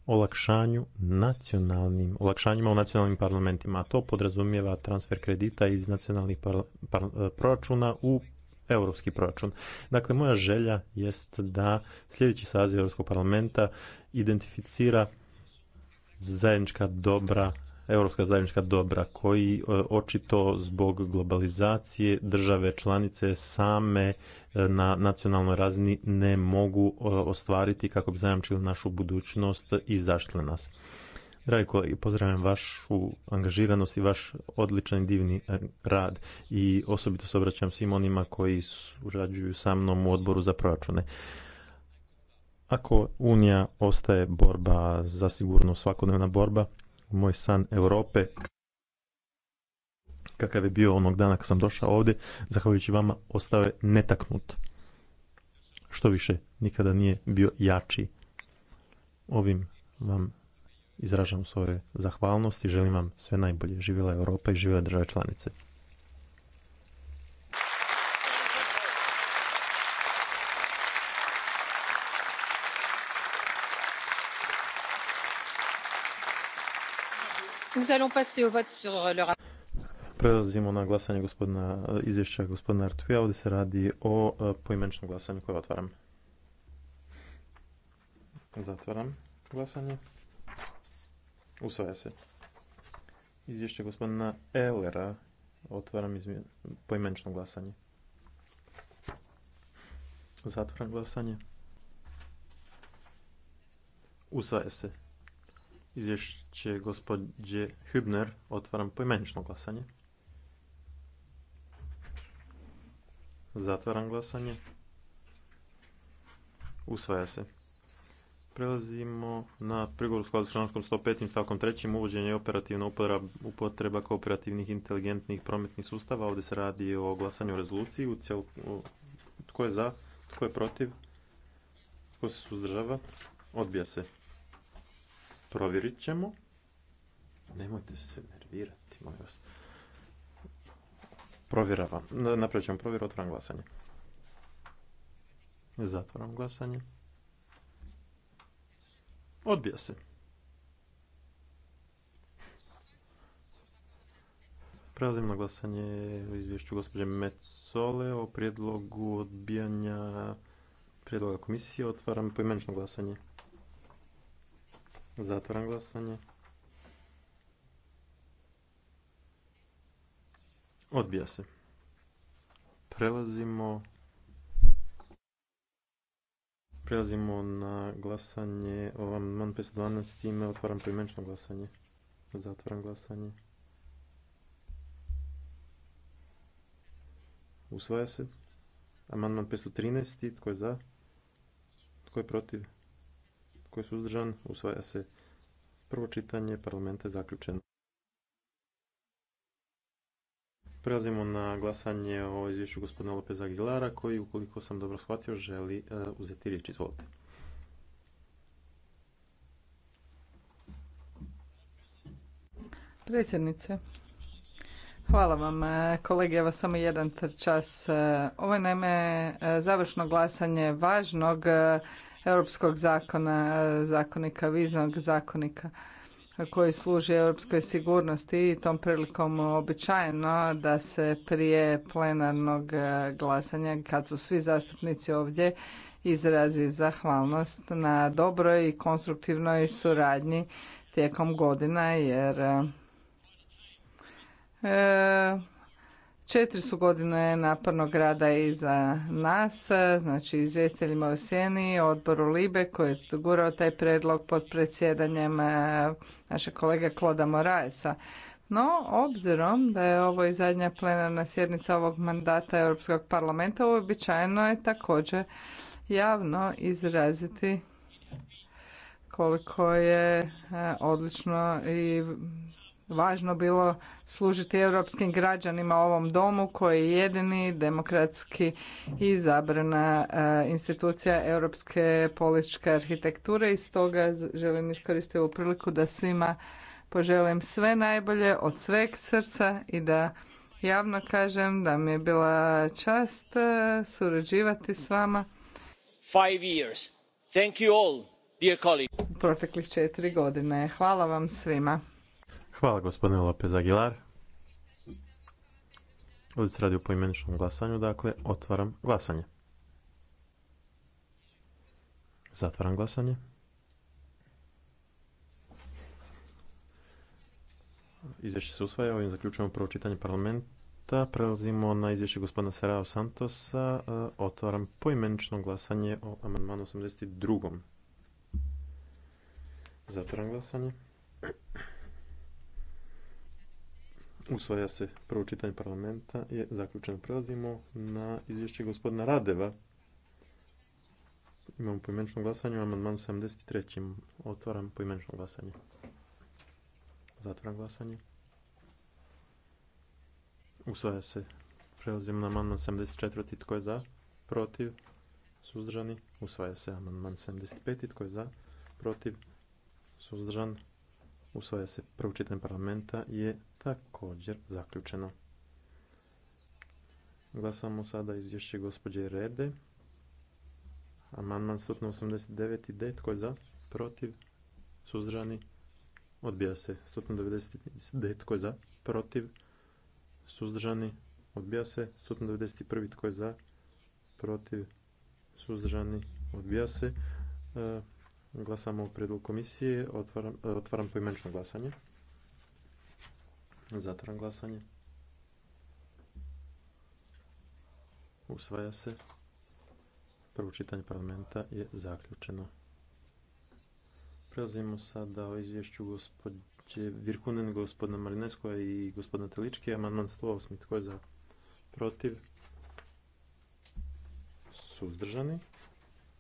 olakšanju nacionalnim, olakšanjima u nacionalnim parlamentima, a to podrazumijeva transfer kredita iz nacionalnih e, proračuna u europski proračun. Dakle, moja želja jest da sljedeći saziv Europskog parlamenta identificira zajednička dobra europska zajednička dobra koji e, očito zbog globalizacije države članice same e, na nacionalnoj razini ne mogu e, ostvariti kako bi zajamčili našu budućnost i zaštile nas. Dragi kolegi, pozdravljam vašu angažiranost i vaš odličan i divni rad i osobito se obraćam svim onima koji surađuju sa mnom u odboru za proračune. Ako Unija ostaje borba, zasigurno svakodnevna borba, moj san Europe kakav je bio onog dana kad sam došao ovdje, zahvaljujući vama, ostao je netaknut. Što više, nikada nije bio jači. Ovim vam izražam svoje zahvalnosti, želim vam sve najbolje. Živjela Europa i živjela države članice. Euh, Prelazimo na glasanje gospodina, eh, izvješća gospodina Artuja. Ovdje se radi o eh, poimeničnom glasanju koje otvaram. Zatvaram glasanje. Usvaja se. Izvješće gospodina Elera. Otvaram izmje... glasanje. Zatvaram glasanje. Usvaja se izvješće gospođe Hübner. Otvaram poimenično glasanje. Zatvaram glasanje. Usvaja se. Prelazimo na prigovor u skladu s člankom 105. stavkom 3. uvođenje operativna upotreba kooperativnih inteligentnih prometnih sustava. Ovdje se radi o glasanju o rezoluciji. U Tko je za? Tko je protiv? Tko se suzdržava? Odbija se. Provjerit ćemo. Nemojte se nervirati, molim vas. Provjeravam. Napravit ćemo provjeru, otvaram glasanje. Zatvaram glasanje. Odbija se. Prelazim na glasanje u izvješću gospođe Mecole o prijedlogu odbijanja prijedloga komisije. Otvaram poimenično glasanje. Zatvaram glasanje. Odbija se. Prelazimo Prelazimo na glasanje o amandman 512. Time otvaram glasanje. Zatvaram glasanje. Usvaja se. Amandman 513. Tko je za? Tko je protiv? koji suzdržan? Usvaja se. Prvo čitanje parlamenta zaključeno. Prelazimo na glasanje o izvješću gospodina Lopez Aguilara koji, ukoliko sam dobro shvatio, želi e, uzeti riječ. Izvolite. Predsjednice, Hvala vam. E, kolege, evo samo jedan čas. E, ovo je naime završno glasanje važnog europskog zakona, zakonika, viznog zakonika koji služi europskoj sigurnosti i tom prilikom običajeno da se prije plenarnog e, glasanja kad su svi zastupnici ovdje izrazi zahvalnost na dobroj i konstruktivnoj suradnji tijekom godina jer e, e, Četiri su godine napornog rada iza nas, znači izvjestiteljima u Sjeni, odboru Libe koji je gurao taj predlog pod predsjedanjem e, našeg kolege Kloda Moraesa. No, obzirom da je ovo i zadnja plenarna sjednica ovog mandata Europskog parlamenta, uobičajeno je također javno izraziti koliko je e, odlično i važno bilo služiti europskim građanima ovom domu koji je jedini demokratski izabrana e, institucija europske političke arhitekture i stoga želim iskoristiti ovu priliku da svima poželim sve najbolje od sveg srca i da javno kažem da mi je bila čast e, surađivati s vama Five years. Thank you proteklih četiri godine. Hvala vam svima. Hvala gospodine Lopez Aguilar. Ovdje se radi o poimeničnom glasanju, dakle otvaram glasanje. Zatvaram glasanje. Izvješće se usvaja, ovim zaključujemo prvo čitanje parlamenta. Prelazimo na izvješće gospodina Serao Santosa. E, otvaram poimenično glasanje o amandmanu 82. Zatvaram glasanje. Usvaja se prvo čitanje parlamenta je zaključeno. Prelazimo na izvješće gospodina Radeva. Imamo poimenično glasanje amandman amandmanu 73. Otvaram poimenično glasanje. Zatvaram glasanje. Usvaja se. Prelazimo na amandman 74. Tko je za? Protiv? Suzdržani? Usvaja se. Amandman 75. Tko je za? Protiv? Suzdržan? Usvaja se. Prvo čitanje parlamenta je također zaključeno. Glasamo sada izvješće gospođe Rede. Amandman 189 D. Tko je za? Protiv? Suzdržani? Odbija se. 190 D. Tko je za? Protiv? Suzdržani? Odbija se. 191. Tko je za? Protiv? Suzdržani? Odbija se. E, glasamo o komisije. Otvaram, e, otvaram glasanje. Zatvaram glasanje. Usvaja se. Prvo čitanje parlamenta je zaključeno. Prelazimo sada o izvješću gospođe Virkunen, gospodina Marineskoja i gospodina Teličke. Amandman 108. Tko je za? Protiv? Suzdržani?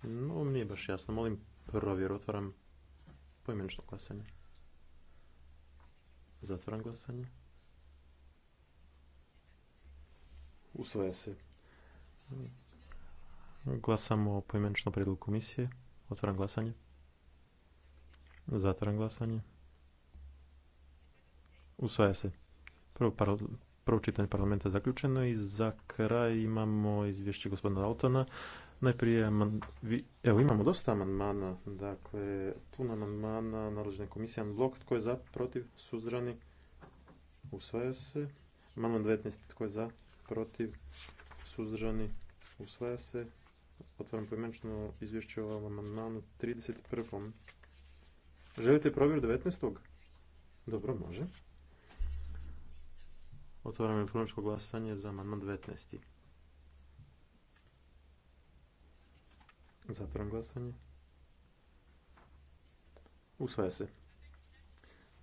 No, nije baš jasno. Molim provjer. Otvaram poimenično glasanje. Zatvaram glasanje. Usvaja se. Glasamo poimenično predlog komisije. Otvaram glasanje. Zatvaram glasanje. Usvaja se. Prvo, par, prvo čitanje parlamenta je zaključeno i za kraj imamo izvješće gospodina Altona. Najprije, evo imamo dosta amandmana, dakle, puno amandmana, komisija komisije, blok, tko je za, protiv, suzdrani, usvaja se. Amandman 19, tko je za, protiv, suzdržani, usvaja se. Otvaram pojmenično izvješće o amandmanu 31. Želite provjeru 19. Dobro, može. Otvaram elektroničko glasanje za amandman 19. Zatvaram glasanje. Usvaja se.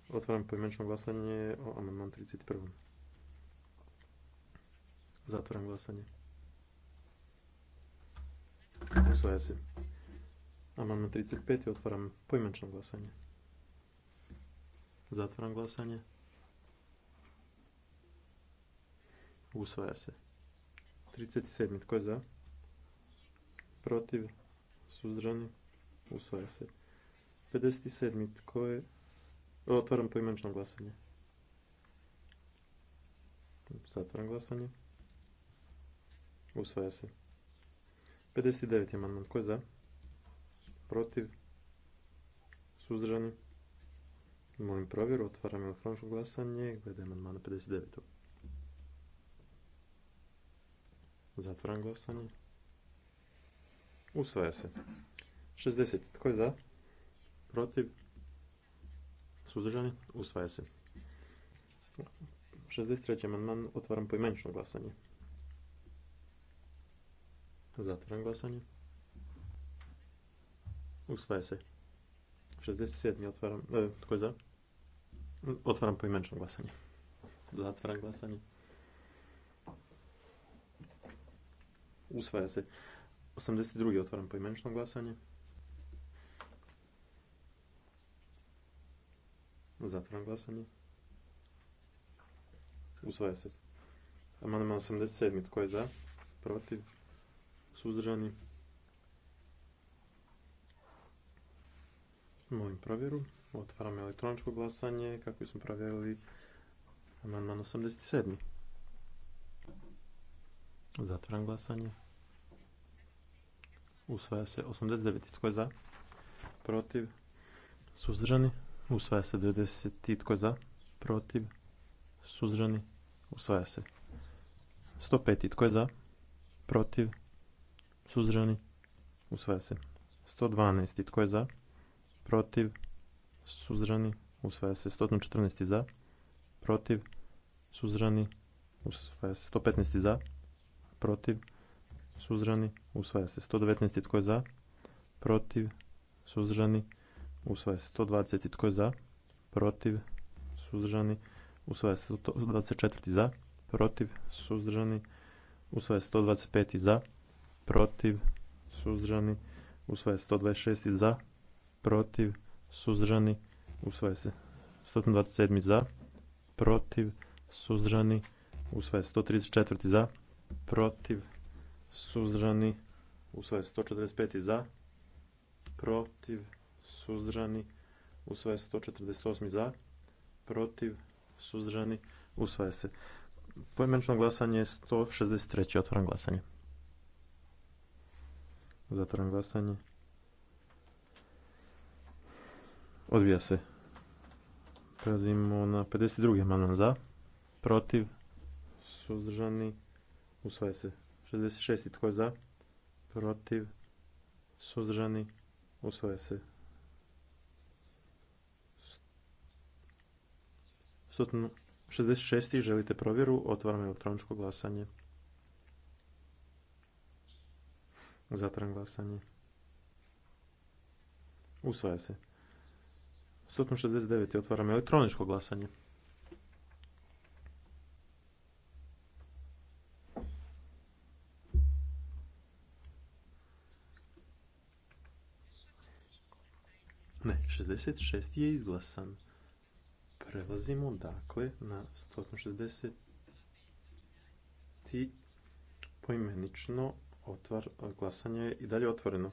Otvaram poimenično glasanje o amandman 31. Zatvaram glasanje. Usvaja se. Amandman 35. Otvaram poimenično glasanje. Zatvaram glasanje. Usvaja se. 37. Tko je za? Protiv? suzdržani, usvaja se. 57. tko je, otvaram poimenično glasanje. Zatvaram glasanje. Usvaja se. 59. amandman. Tko je za? Protiv? Suzdržani? Molim provjeru. Otvaram elektroničko glasanje. Gledaj amandmana 59. Zatvaram glasanje. Usvaja se. 60. Tko je za? Protiv? Suzdržani? Usvaja se. 63. amandman otvaram poimenično glasanje. Zatvaram glasanje. Usvaja se. 67. otvaram... E, tko je za? Otvaram poimenično glasanje. Zatvaram glasanje. Usvaja se. 82. otvaram poimenično glasanje. Zatvaram glasanje. Usvaja se. Amandman 87. Tko je za? Protiv? Suzdržani? Molim provjeru. Otvaram elektroničko glasanje kako smo provjerili amandman 87. Zatvaram glasanje usvaja se 89. Tko je za? Protiv? Suzdržani? Usvaja se 90. Tko je za? Protiv? Suzdržani? Usvaja se. 105. Tko je za? Protiv? Suzdržani? Usvaja se. 112. Tko je za? Protiv? Suzdržani? Usvaja se. 114. Za? Protiv? Suzdržani? Usvaja se. 115. Za? Protiv? suzdržani, usvaja se. 119. tko je za, protiv, suzdržani, usvaja se. 120. tko je za, protiv, suzdržani, usvaja se. 124. za, protiv, suzdržani, usvaja se. 125. za, protiv, suzdržani, usvaja se. 126. za, protiv, suzdržani, usvaja se. 127. za, protiv, suzdržani, usvaja se. 134. za, protiv, suzdržani, usvoje 145. za, protiv, suzdržani, usvoje 148. za, protiv, suzdržani, usvaja se. Pojmenično glasanje je 163. Otvaram glasanje. Zatvaram glasanje. Odbija se. Prelazimo na 52. amandman za, protiv, suzdržani, usvaja se. 66. Tko je za? Protiv? Suzdržani? Usvaja se. 66. Želite provjeru? Otvaram elektroničko glasanje. Zatvaram glasanje. Usvaja se. 69 Otvaram elektroničko glasanje. 66 je izglasan. Prelazimo dakle na 160 poimenično otvar, glasanje je i dalje otvoreno.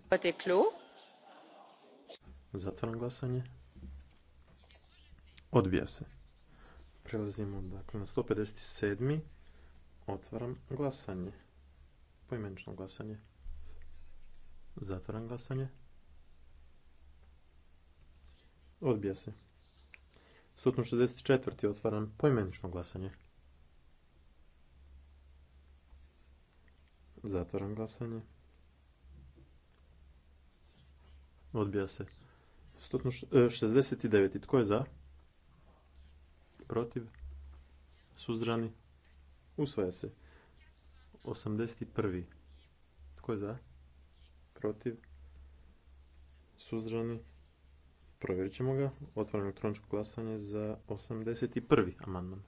Zatvaram glasanje. Odbija se. Prelazimo dakle na 157. Otvaram glasanje. Poimenično glasanje. Zatvaram glasanje. Odbija se. 164. otvaram poimenično glasanje. Zatvaram glasanje. Odbija se. 169. E, tko je za? Protiv? Suzdrani. Usvaja se. 81. Tko je za? Protiv? Suzdrani. Provjerit ćemo ga. Otvaram elektroničko glasanje za 81. amandman.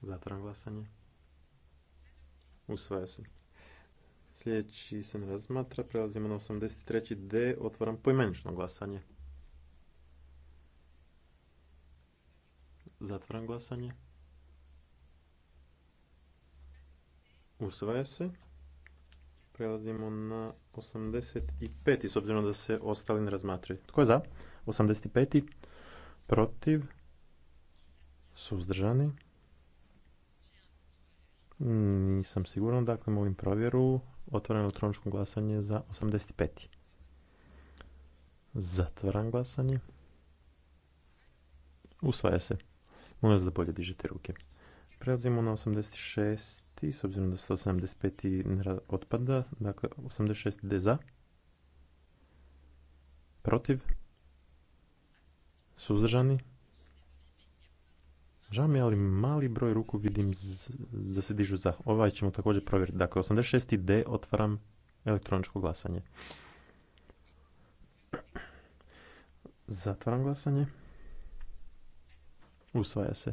Zatvaram glasanje. Usvaja se. Sljedeći se ne razmatra. Prelazimo na 83. D. Otvaram poimenično glasanje. Zatvaram glasanje. Usvaja se. Prelazimo na 85. s obzirom da se ostali ne razmatraju. Tko je za? 85. Protiv? Suzdržani? Nisam siguran, dakle molim provjeru. Otvaram elektroničko glasanje za 85. Zatvaram glasanje. Usvaja se. Molim vas da bolje dižete ruke. Prelazimo na 86 s obzirom da se 175. otpada, dakle 86. d za, protiv, suzdržani. Žao mi, ali mali broj ruku vidim da se dižu za. Ovaj ćemo također provjeriti. Dakle, 86. D otvaram elektroničko glasanje. Zatvaram glasanje. Usvaja se.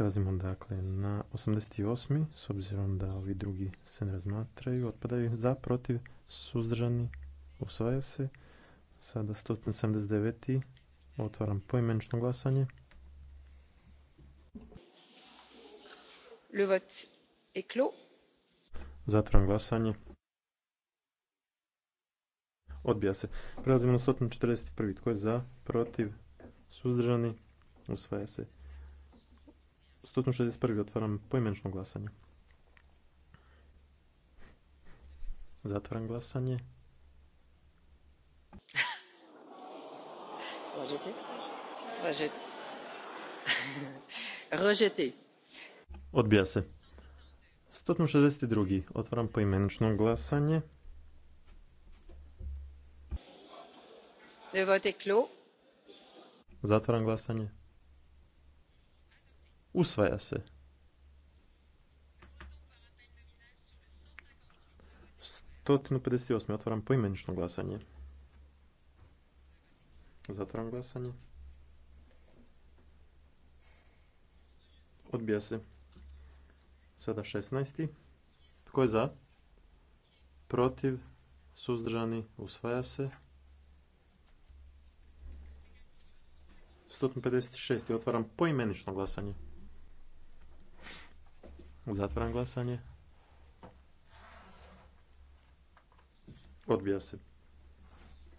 Prelazimo dakle na 88. S obzirom da ovi drugi se ne razmatraju, otpadaju za, protiv, suzdržani, usvaja se. Sada 179. Otvaram poimenično glasanje. Le vote est Zatvaram glasanje. Odbija se. Prelazimo na 141. Tko je za, protiv, suzdržani, usvaja se. 161. otvaram pojmenično glasanje. Zatvaram glasanje. (laughs) (laughs) Rejeté. Odbija se. 162. Otvaram pojmenično glasanje. Le vote Zatvaram glasanje. Usvaja se. 158. Otvaram poimenično glasanje. Zatvaram glasanje. Odbija se. Sada 16. Tko je za? Protiv? Suzdržani? Usvaja se. 156. Otvaram poimenično glasanje. Zatvaram glasanje. Odbija se.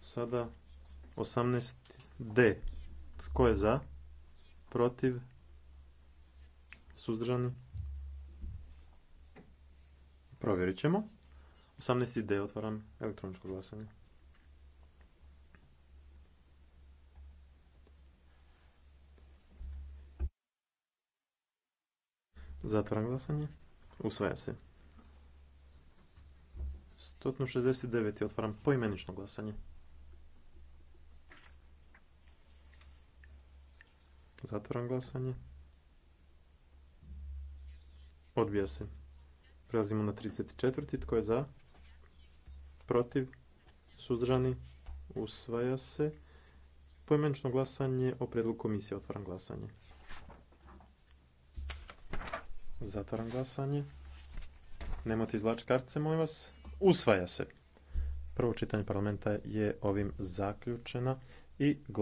Sada 18D. Tko je za? Protiv? Suzdržani? Provjerit ćemo. 18D otvaram elektroničko glasanje. Zatvaram glasanje. Usvaja se. 169. Otvaram poimenično glasanje. Zatvaram glasanje. Odbija se. Prelazimo na 34. Tko je za? Protiv? Suzdržani? Usvaja se. Poimenično glasanje o predlogu komisije. Otvaram glasanje. Zatvaram glasanje. Nemojte izvlačiti kartice, molim vas. Usvaja se. Prvo čitanje parlamenta je ovim zaključena i glasanje.